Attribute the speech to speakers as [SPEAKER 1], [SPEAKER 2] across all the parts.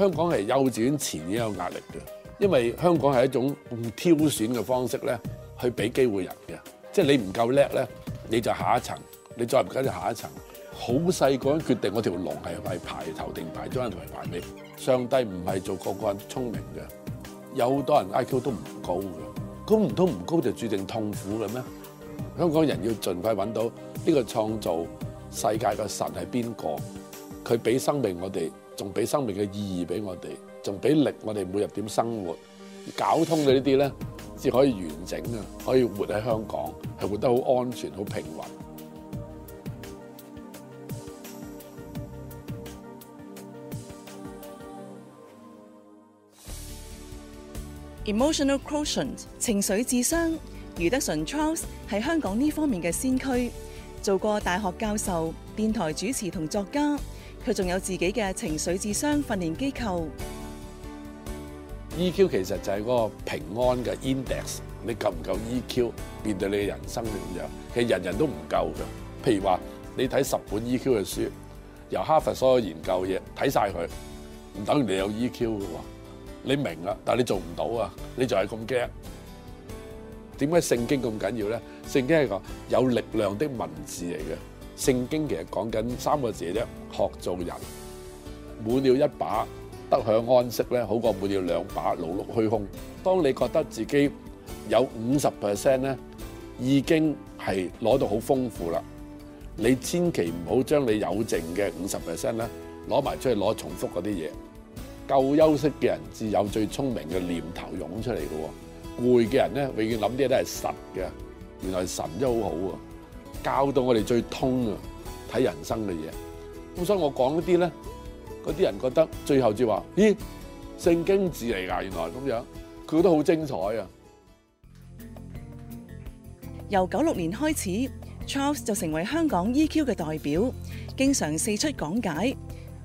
[SPEAKER 1] 香港係幼稚園前已經有壓力嘅，因為香港係一種挑選嘅方式咧，去俾機會人嘅。即係你唔夠叻咧，你就下一層；你再唔緊就下一層。好細個決定我條龍係排頭定排中定係排尾。上帝唔係做個個人聰明嘅，有好多人 IQ 都唔高嘅。咁唔通唔高就注定痛苦嘅咩？香港人要盡快揾到呢個創造世界嘅神係邊個？佢俾生命我哋。仲俾生命嘅意義俾我哋，仲俾力我哋每日點生活，搞通咗呢啲咧，先可以完整啊，可以活喺香港，係活得好安全、好平穩。
[SPEAKER 2] Emotional quotient 情緒智商，余德純 Charles 係香港呢方面嘅先驅，做過大學教授、電台主持同作家。佢仲有自己嘅情緒智商訓練機構
[SPEAKER 1] ，EQ 其實就係嗰個平安嘅 index，你夠唔夠 EQ 面對你嘅人生點樣？其實人人都唔夠嘅。譬如話你睇十本 EQ 嘅書，由哈佛所有研究嘅嘢睇晒佢，唔等於你有 EQ 嘅喎。你明啦，但係你做唔到啊，你就係咁驚。點解聖經咁緊要咧？聖經係個有力量的文字嚟嘅。聖經其實講緊三個字啫，學做人。滿了一把得享安息咧，好過滿了兩把勞碌虛空。當你覺得自己有五十 percent 咧，已經係攞到好豐富啦。你千祈唔好將你有剩嘅五十 percent 咧，攞埋出去攞重複嗰啲嘢。夠休息嘅人，自有最聰明嘅念頭湧出嚟嘅喎。攰嘅人咧，永遠諗啲嘢都係實嘅。原來神都好好、啊、喎。教到我哋最通啊，睇人生嘅嘢。咁所以我講一啲咧，嗰啲人覺得最後至話，咦，聖經字嚟噶，原來咁樣，佢都好精彩啊。
[SPEAKER 2] 由九六年開始，Charles 就成為香港 EQ 嘅代表，經常四出講解。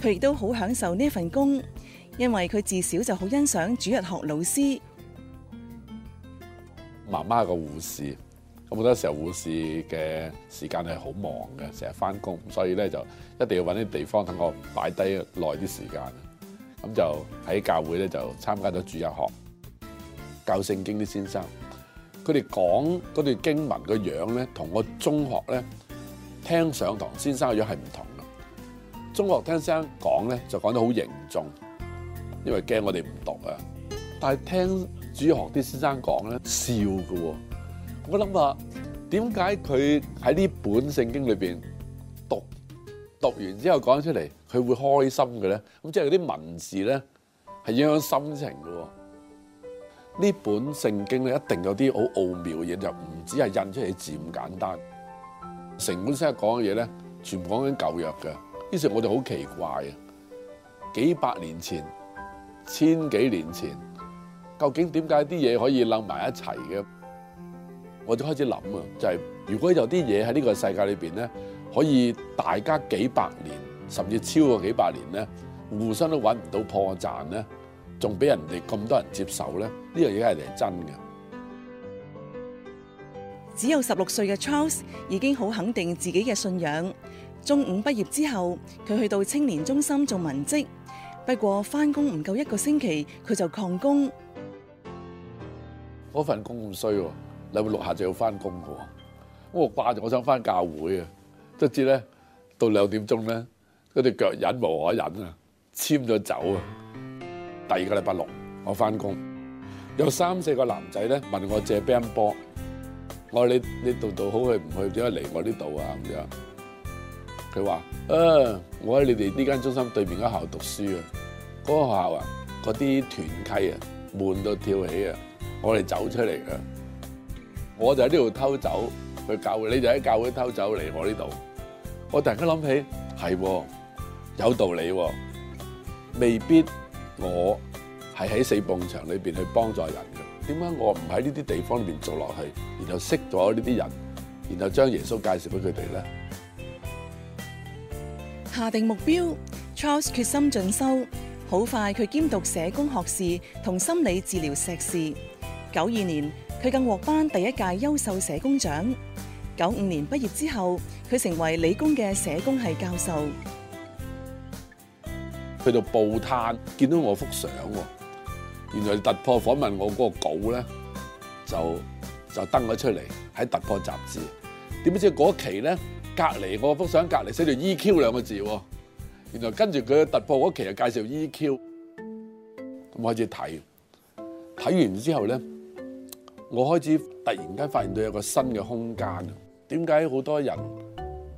[SPEAKER 2] 佢亦都好享受呢一份工，因為佢自小就好欣賞主日學老師，
[SPEAKER 1] 媽媽個護士。我覺得好多時候護士嘅時間係好忙嘅，成日翻工，所以咧就一定要揾啲地方等我擺低耐啲時間。咁就喺教會咧就參加咗主日學，教聖經啲先生。佢哋講嗰段經文嘅樣咧，同我中學咧聽上堂先生嘅樣係唔同嘅。中學聽先生講咧就講得好凝重，因為驚我哋唔讀啊。但係聽主學啲先生講咧笑㗎喎、啊。我諗下點解佢喺呢本聖經裏邊讀讀完之後講出嚟，佢會開心嘅咧？咁即係嗰啲文字咧，係影響心情嘅。呢本聖經咧，一定有啲好奧妙嘅嘢，就唔止係印出嚟字咁簡單。成本先生講嘅嘢咧，全部講緊舊約嘅。於是我哋好奇怪啊！幾百年前，千幾年前，究竟點解啲嘢可以冧埋一齊嘅？我就開始諗啊，就係、是、如果有啲嘢喺呢個世界裏邊咧，可以大家幾百年甚至超過幾百年咧，互相都揾唔到破綻咧，仲俾人哋咁多人接受咧，呢樣嘢係嚟真嘅。
[SPEAKER 2] 只有十六歲嘅 Charles 已經好肯定自己嘅信仰。中五畢業之後，佢去到青年中心做文職，不過返工唔夠一個星期，佢就曠工。
[SPEAKER 1] 嗰份工咁衰喎！禮拜六下就要翻工個，咁我掛住，我，我想翻教會啊。直至咧到兩點鐘咧，嗰隻腳忍無可忍啊，簽咗走啊。第二個禮拜六我翻工，有三四個男仔咧，問我借 band 波，我話你你度度好去唔去？點解嚟我呢度啊？咁樣佢話：，啊，我喺你哋呢間中心對面間校讀書啊。嗰、嗰個學校啊，嗰啲團契啊，悶到跳起啊，我哋走出嚟啊。我就喺呢度偷走去教會，你就喺教會偷走嚟我呢度。我突然間諗起，係喎，有道理喎，未必我係喺四埲牆裡邊去幫助人嘅。點解我唔喺呢啲地方裡邊做落去，然後識咗呢啲人，然後將耶穌介紹俾佢哋咧？
[SPEAKER 2] 下定目標，Charles 決心進修，好快佢兼讀社工學士同心理治療碩士。九二年，佢更獲頒第一屆優秀社工獎。九五年畢業之後，佢成為理工嘅社工系教授。
[SPEAKER 1] 去到報攤見到我幅相，原來突破訪問我嗰個稿咧，就就登咗出嚟喺突破雜誌。點知嗰期咧，隔籬我幅相隔籬寫住 EQ 兩個字，原來跟住佢突破嗰期就介紹 EQ。我開始睇，睇完之後咧。我開始突然間發現到有個新嘅空間，點解好多人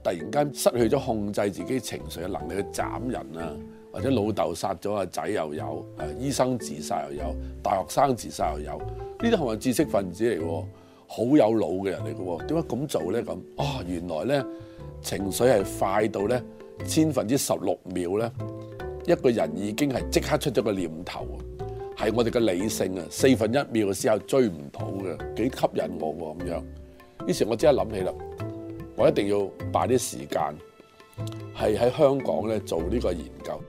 [SPEAKER 1] 突然間失去咗控制自己情緒嘅能力去斬人啊？或者老豆殺咗阿仔又有，誒醫生自殺又有，大學生自殺又有，呢啲係咪知識分子嚟喎？好有腦嘅人嚟嘅喎？點解咁做咧咁？啊、哦，原來咧情緒係快到咧千分之十六秒咧，一個人已經係即刻出咗個念頭。係我哋嘅理性啊！四分一秒嘅時候追唔到嘅，幾吸引我喎咁樣。於是，我即刻諗起啦，我一定要擺啲時間係喺香港咧做呢個研究。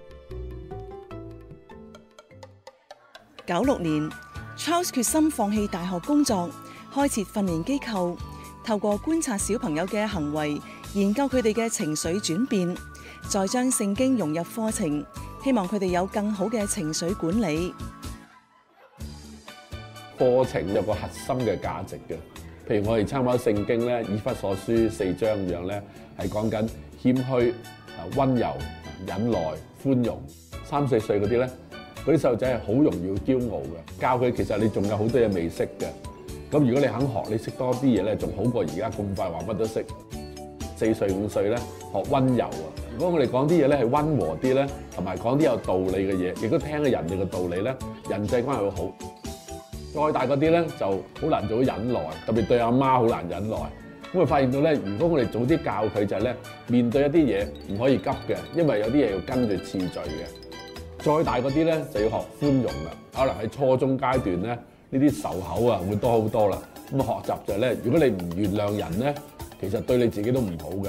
[SPEAKER 2] 九六年，Charles 決心放棄大學工作，開設訓練機構，透過觀察小朋友嘅行為，研究佢哋嘅情緒轉變，再將聖經融入課程，希望佢哋有更好嘅情緒管理。
[SPEAKER 1] 課程有個核心嘅價值嘅，譬如我哋參考聖經咧，以弗所書四章咁樣咧，係講緊謙虛、啊溫柔、忍耐、寬容。三四歲嗰啲咧，嗰啲細路仔係好容易驕傲嘅，教佢其實你仲有好多嘢未識嘅。咁如果你肯學，你識多啲嘢咧，仲好過而家咁快話乜都識。四歲五歲咧學溫柔啊，如果我哋講啲嘢咧係溫和啲咧，同埋講啲有道理嘅嘢，亦都聽人哋嘅道理咧，人際關係會好。再大嗰啲咧就好難做到忍耐，特別對阿媽好難忍耐。咁啊發現到咧，如果我哋早啲教佢就係咧，面對一啲嘢唔可以急嘅，因為有啲嘢要跟住次序嘅。再大嗰啲咧就要學寬容啦。可能喺初中階段咧，呢啲仇口啊會多好多啦。咁啊學習就係咧，如果你唔原諒人咧，其實對你自己都唔好嘅。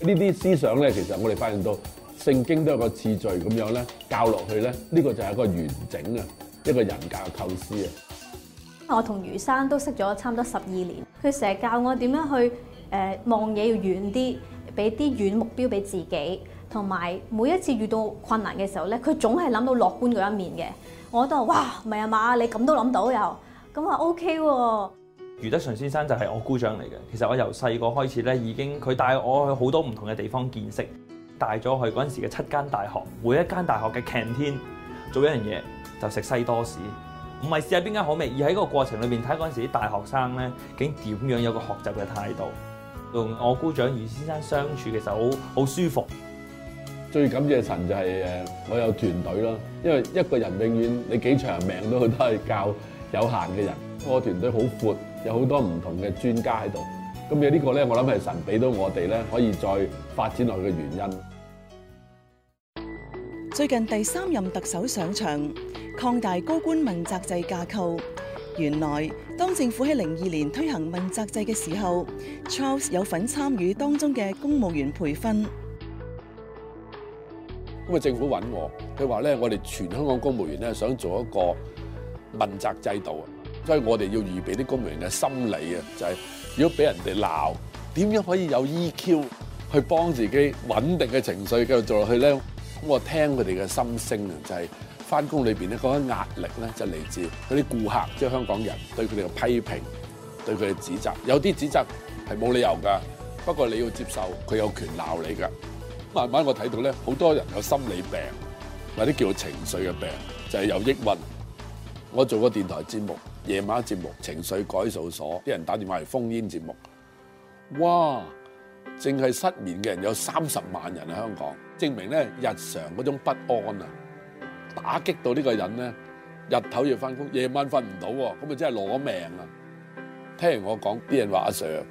[SPEAKER 1] 呢啲思想咧，其實我哋發現到聖經都有個次序咁樣咧，教落去咧，呢個就係一個完整啊。一個人格嘅構思
[SPEAKER 2] 啊！我同余生都識咗差唔多十二年，佢成日教我點樣去誒望嘢要遠啲，俾啲遠目標俾自己，同埋每一次遇到困難嘅時候咧，佢總係諗到樂觀嗰一面嘅。我都話：哇，唔係啊嘛，你咁都諗到又咁啊，OK 喎。余德純
[SPEAKER 1] 余德淳先生就係我姑丈嚟嘅。其實我由細個開始咧，已經佢帶我去好多唔同嘅地方見識，帶咗去嗰陣時嘅七間大學，每一間大學嘅 canteen 做一樣嘢。就食西多士，唔係試下邊間好味，而喺個過程裏面，睇嗰陣時啲大學生咧，竟點樣有個學習嘅態度，同我姑丈余先生相處其實好好舒服。最感謝神就係誒，我有團隊啦，因為一個人永遠你幾長命都好都係教有限嘅人，我團隊好闊，有好多唔同嘅專家喺度，咁有呢個咧，我諗係神俾到我哋咧可以再發展落去嘅原因。
[SPEAKER 2] 最近第三任特首上場。擴大高官問責制架構。原來當政府喺零二年推行問責制嘅時候，Charles 有份參與當中嘅公務員培訓。
[SPEAKER 1] 咁啊，政府搵我，佢話咧：我哋全香港公務員咧想做一個問責制度，所以我哋要預備啲公務員嘅心理啊，就係如果俾人哋鬧，點樣可以有 EQ 去幫自己穩定嘅情緒繼續做落去咧？咁我聽佢哋嘅心聲啊，就係。翻工裏邊咧，嗰個壓力咧就嚟自嗰啲顧客，即係香港人對佢哋嘅批評，對佢哋嘅指責。有啲指責係冇理由㗎，不過你要接受，佢有權鬧你㗎。慢慢我睇到咧，好多人有心理病，或者叫做情緒嘅病，就係有抑鬱。我做過電台節目，夜晚節目情緒改數所，啲人打電話嚟封煙節目。哇！淨係失眠嘅人有三十萬人喺香港，證明咧日常嗰種不安啊！打擊到呢個人咧，日頭要翻工，夜晚瞓唔到喎，咁咪真係攞命啊！聽完我講，啲人話阿 Sir，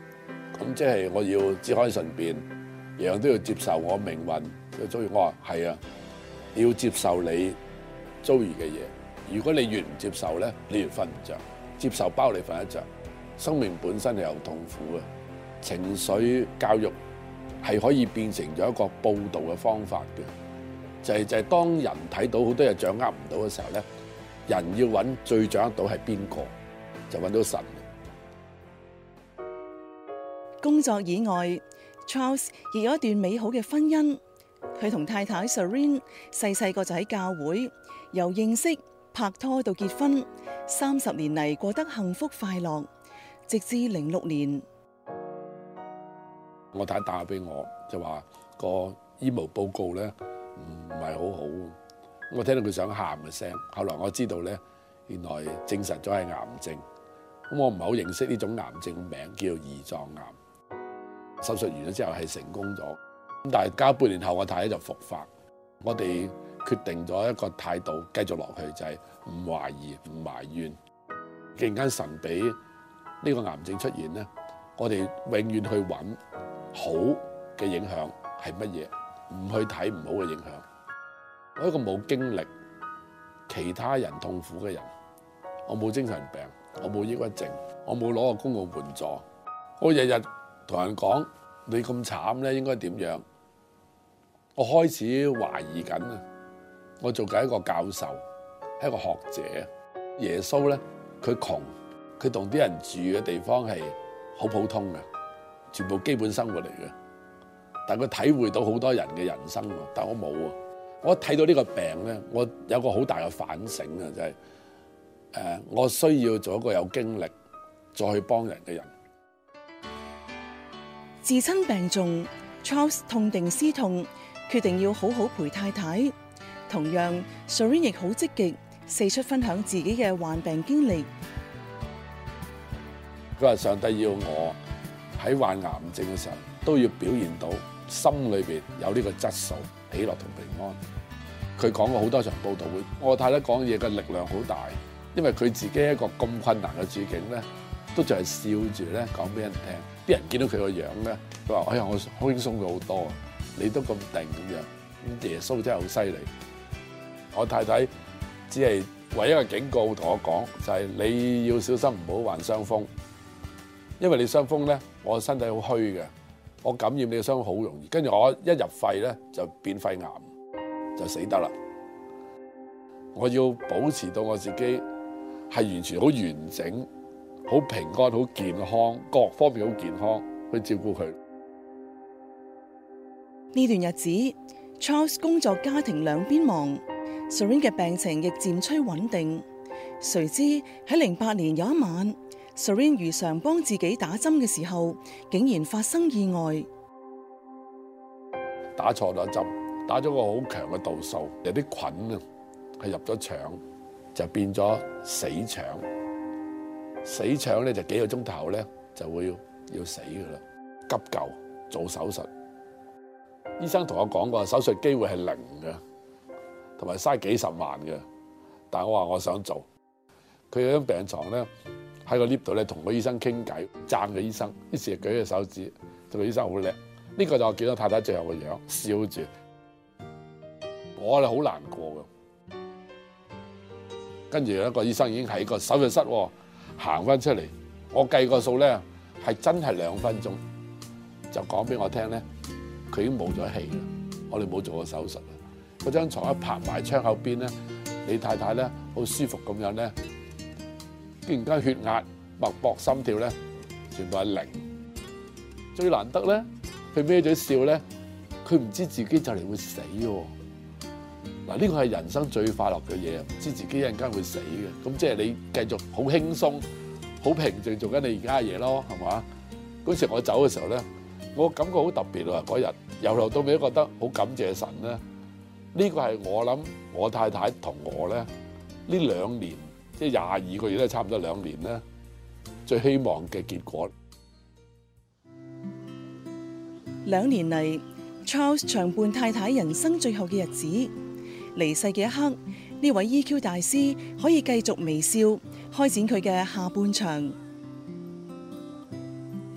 [SPEAKER 1] 咁即係我要節哀順變，樣樣都要接受我命運、佢遭遇？我話係啊，要接受你遭遇嘅嘢。如果你越唔接受咧，你越瞓唔着；接受包你瞓得着。」生命本身係有痛苦嘅，情緒教育係可以變成咗一個報道嘅方法嘅。就係，就係當人睇到好多嘢掌握唔到嘅時候咧，人要揾最掌握到係邊個，就揾到神。
[SPEAKER 2] 工作以外，Charles 亦有一段美好嘅婚姻。佢同太太 Seren 細細個就喺教會，由認識拍拖到結婚，三十年嚟過得幸福快樂，直至零六年，
[SPEAKER 1] 我太太打俾我，就話個醫務報告咧。唔唔係好好，我聽到佢想喊嘅聲，後來我知道咧，原來證實咗係癌症。咁我唔係好認識呢種癌症名，名叫做胰臟癌。手術完咗之後係成功咗，但係加半年後我太太就復發。我哋決定咗一個態度，繼續落去就係、是、唔懷疑、唔埋怨。突然間神俾呢個癌症出現咧，我哋永遠去揾好嘅影響係乜嘢？唔去睇唔好嘅影響。我一個冇經歷其他人痛苦嘅人，我冇精神病，我冇抑鬱症，我冇攞個公共援助。我日日同人講你咁慘咧，應該點樣？我開始懷疑緊啊！我做緊一個教授，係一個學者。耶穌咧，佢窮，佢同啲人住嘅地方係好普通嘅，全部基本生活嚟嘅。但佢體會到好多人嘅人生喎，但我冇啊！我睇到呢個病咧，我有個好大嘅反省啊，就係誒，我需要做一個有經歷再去幫人嘅人。
[SPEAKER 2] 自親病重，Charles 痛定思痛，決定要好好陪太太。同樣，Serene 亦好積極，四出分享自己嘅患病經歷。
[SPEAKER 1] 佢話：上帝要我喺患癌症嘅時候都要表現到。心裏邊有呢個質素，喜樂同平安。佢講過好多場報道會，我太太講嘢嘅力量好大，因為佢自己一個咁困難嘅處境咧，都仲係笑住咧講俾人聽。啲人見到佢個樣咧，佢話：哎呀，我好輕鬆咗好多啊！你都咁定咁樣，咁耶穌真係好犀利。我太太只係唯一嘅警告同我講，就係你要小心唔好患傷風，因為你傷風咧，我身體好虛嘅。我感染你嘅傷好容易，跟住我一入肺咧就變肺癌，就死得啦。我要保持到我自己係完全好完整、好平安、好健康，各方面好健康去照顧佢。
[SPEAKER 2] 呢段日子，Charles 工作、家庭兩邊忙，Serene 嘅病情亦漸趨穩定。誰知喺零八年有一晚。Serene 如常幫自己打針嘅時候，竟然發生意外，
[SPEAKER 1] 打錯咗針，打咗個好強嘅度數，有啲菌啊，係入咗腸就變咗死腸，死腸咧就幾個鐘頭咧就會要死噶啦，急救做手術，醫生同我講過手術機會係零嘅，同埋嘥幾十萬嘅，但係我話我想做佢有張病床咧。喺個 lift 度咧，同個醫生傾偈，贊個醫生，於是就舉隻手指，同個醫生好叻。呢個就我見到太太最後個樣，笑住，我就好難過嘅。跟住有一個醫生已經喺個手術室行、啊、翻出嚟，我計個數咧係真係兩分鐘，就講俾我聽咧，佢已經冇咗氣啦，我哋冇做過手術啦。嗰張牀一拍埋窗口邊咧，你太太咧好舒服咁樣咧。突然間血壓、脈搏、心跳咧，全部係零。最難得咧，佢孭咗笑咧，佢唔知自己就嚟會死喎、哦。嗱，呢個係人生最快樂嘅嘢，唔知自己一陣間會死嘅。咁即係你繼續好輕鬆、好平靜，做緊你而家嘅嘢咯，係嘛？嗰時我走嘅時候咧，我感覺好特別喎、啊。嗰日由頭到尾都覺得好感謝神咧。呢、這個係我諗，我太太同我咧呢兩年。即係廿二個月咧，差唔多兩年咧，最希望嘅結果。
[SPEAKER 2] 兩年嚟，Charles 長伴太太人生最後嘅日子，離世嘅一刻，呢位 EQ 大師可以繼續微笑，開展佢嘅下半場。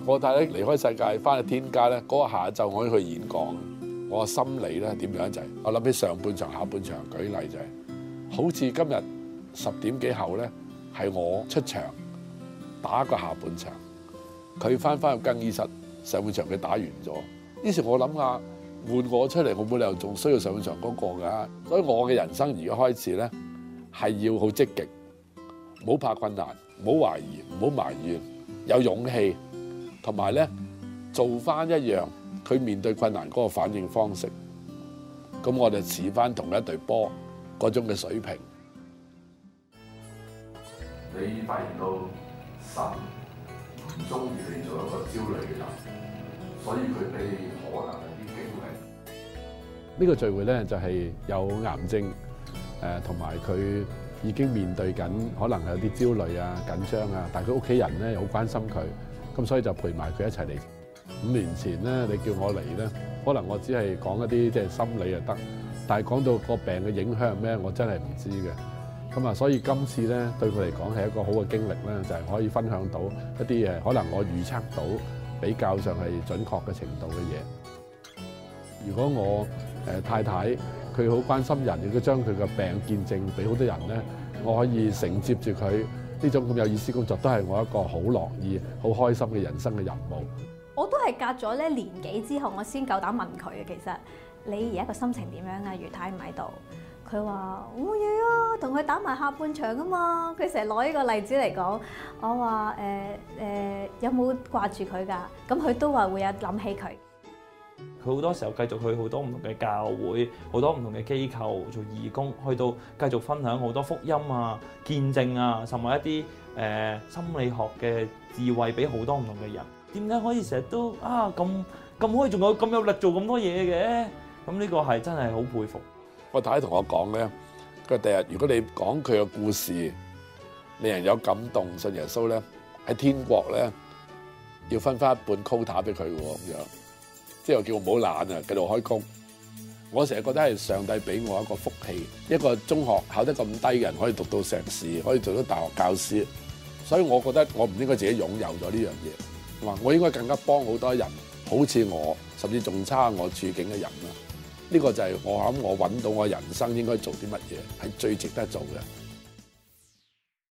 [SPEAKER 1] 我太太離開世界，翻去天家咧，嗰個下晝我可以去演講。我個心理咧點樣就係、是，我諗起上半場、下半場，舉例就係、是，好似今日。十點幾後咧，係我出場打個下半場，佢翻返入更衣室上半場佢打完咗。於是我想，我諗下換我出嚟，我冇理由仲需要上半場嗰個㗎、啊。所以我嘅人生而家開始咧，係要好積極，唔好怕困難，唔好懷疑，唔好埋，埋怨，有勇氣，同埋咧做翻一樣佢面對困難嗰個反應方式。咁我哋似翻同一隊波嗰種嘅水平。你發現到神唔中意你做一個焦慮嘅人，所以佢哋可能係啲經歷。呢個聚會咧就係、是、有癌症，誒同埋佢已經面對緊，可能有啲焦慮啊、緊張啊。但係佢屋企人咧又好關心佢，咁所以就陪埋佢一齊嚟。五年前咧，你叫我嚟咧，可能我只係講一啲即係心理就得，但係講到個病嘅影響咩，我真係唔知嘅。咁啊，所以今次咧對佢嚟講係一個好嘅經歷咧，就係、是、可以分享到一啲誒，可能我預測到比較上係準確嘅程度嘅嘢。如果我誒、呃、太太佢好關心人，亦都將佢嘅病見證俾好多人咧，我可以承接住佢呢種咁有意思工作，都係我一個好樂意、好開心嘅人生嘅任務。
[SPEAKER 2] 我都係隔咗咧年幾之後，我先夠膽問佢嘅。其實你而家個心情點樣啊？余太唔喺度，佢話。Oh yeah 同佢打埋下半場啊嘛！佢成日攞呢個例子嚟講，我話誒誒，有冇掛住佢㗎？咁佢都話會有諗起佢。
[SPEAKER 1] 佢好多時候繼續去好多唔同嘅教會，好多唔同嘅機構做義工，去到繼續分享好多福音啊、見證啊，甚至一啲誒心理學嘅智慧俾好多唔同嘅人。點解可以成日都啊咁咁可以仲有咁有力做咁多嘢嘅？咁呢個係真係好佩服。我太太同我講嘅。佢第日如果你講佢嘅故事，令人有感動，信耶穌咧，喺天國咧要分翻一半 quota 俾佢喎，咁樣之後叫我唔好懶啊，繼續開工。我成日覺得係上帝俾我一個福氣，一個中學考得咁低嘅人可以讀到碩士，可以做到大學教師，所以我覺得我唔應該自己擁有咗呢樣嘢。我話我應該更加幫好多人，好似我，甚至仲差我處境嘅人啊！呢個就係我諗，我揾到我人生應該做啲乜嘢係最值得做嘅。